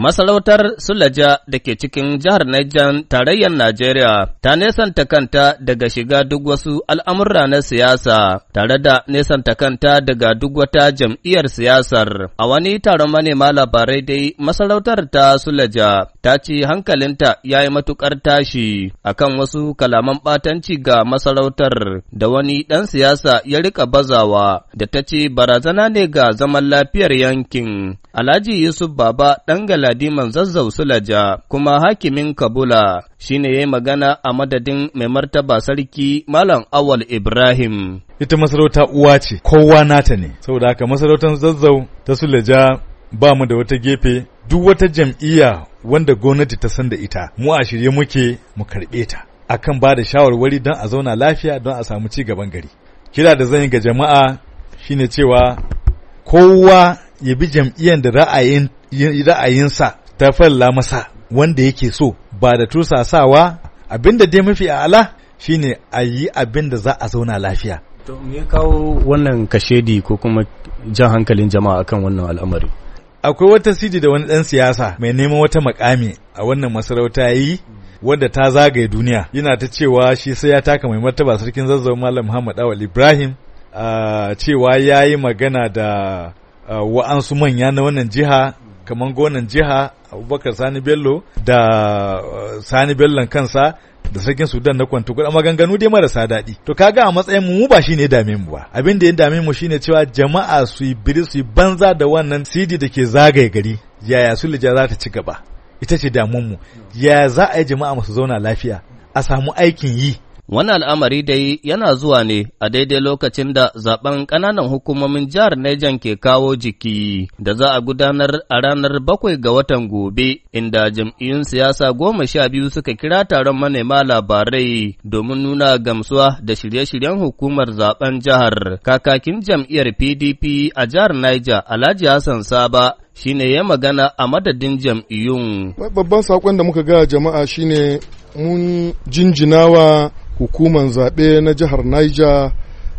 Masarautar Sulaja da ke cikin jihar Niger tarayyar Najeriya ta nesanta kanta daga shiga duk wasu al'amurra na siyasa, tare da nesanta kanta daga duk wata jam'iyyar siyasar. A wani taron manema labarai dai masarautar ta Sulaja ta ce hankalinta ya yi matuƙar tashi a kan wasu kalaman ɓatanci ga masarautar da wani ɗan siyasa ya riƙa bazawa da ta ce barazana ne ga zaman lafiyar yankin. Alhaji Yusuf Baba ɗan galadiman zazzau Sulaja kuma hakimin Kabula shine ne ya yi magana a madadin mai martaba sarki Malam Awal Ibrahim. Ita masarauta uwa ce, kowa nata ne, saboda haka masarautar zazzau ta Sulaja ba mu da wata gefe duk wata jam'iyya wanda gwamnati ta san da ita, mu a shirye muke mu karɓe ta. Akan ba da shawarwari don a zauna lafiya don a samu ci gaban gari. Kira da zan yi ga jama'a shine cewa kowa ya bi jam'iyyar da ra'ayinsa ta falla masa wanda yake so ba da tusasawa abinda dai mafi ala shine a yi abin da za a zauna lafiya to me kawo wannan kashedi ko kuma jan hankalin jama'a akan wannan al'amari akwai wata sidi da wani dan siyasa mai neman wata makami a wannan masarauta yi Wanda ta zagaye duniya yana ta cewa shi sai ya taka mai martaba sarkin zazzau malam muhammad awal ibrahim cewa ya yi magana da wa'ansu manya na wannan jiha kamar gonan jiha abubakar sani bello da sani bellon kansa da sarkin sudan na kwanta kuɗa maganganu dai marasa daɗi to kaga a matsayin mu ba shine dame mu ba abin da ya dame mu shine cewa jama'a su yi biri su yi banza da wannan sidi da ke zagaye gari yaya sulija za ta ci gaba ita ce damun mu yaya za a yi jama'a masu zauna lafiya a samu aikin yi Wani al'amari dai yana zuwa ne a daidai lokacin da zaben ƙananan hukumomin jihar Nejan ke kawo jiki da za a gudanar a ranar bakwai ga watan gobe, inda jam'iyyun siyasa goma sha biyu suka kira taron manema labarai domin nuna gamsuwa da shirye-shiryen hukumar zaben jihar. Kakakin jam'iyyar PDP a jihar Niger, Alhaji Hassan Saba, shine ya magana a madadin jam'iyyun. Babban saƙon da muka ga jama'a shine mun jinjinawa hukumar zaɓe na jihar niger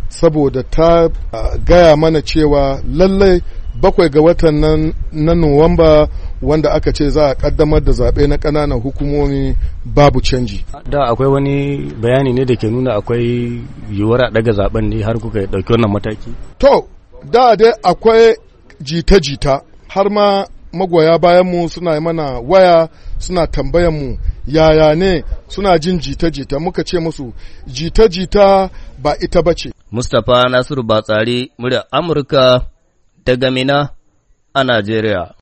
saboda ta gaya mana cewa lallai bakwai ga watan na nuwamba wanda aka ce za a kaddamar da zaɓe na ƙananan hukumomi babu canji. Da akwai wani bayani ne da ke nuna akwai yiwuwar a ɗaga zaɓen ne har kuka ɗauki wannan mataki? To, da dai akwai jita-jita har ma magoya bayanmu suna mana waya suna tambayanmu yaya ne suna jin jita-jita muka ce musu jita-jita ba ita ba ce. Mustapha Nasiru Batsari, murya Amurka daga Mina a Najeriya.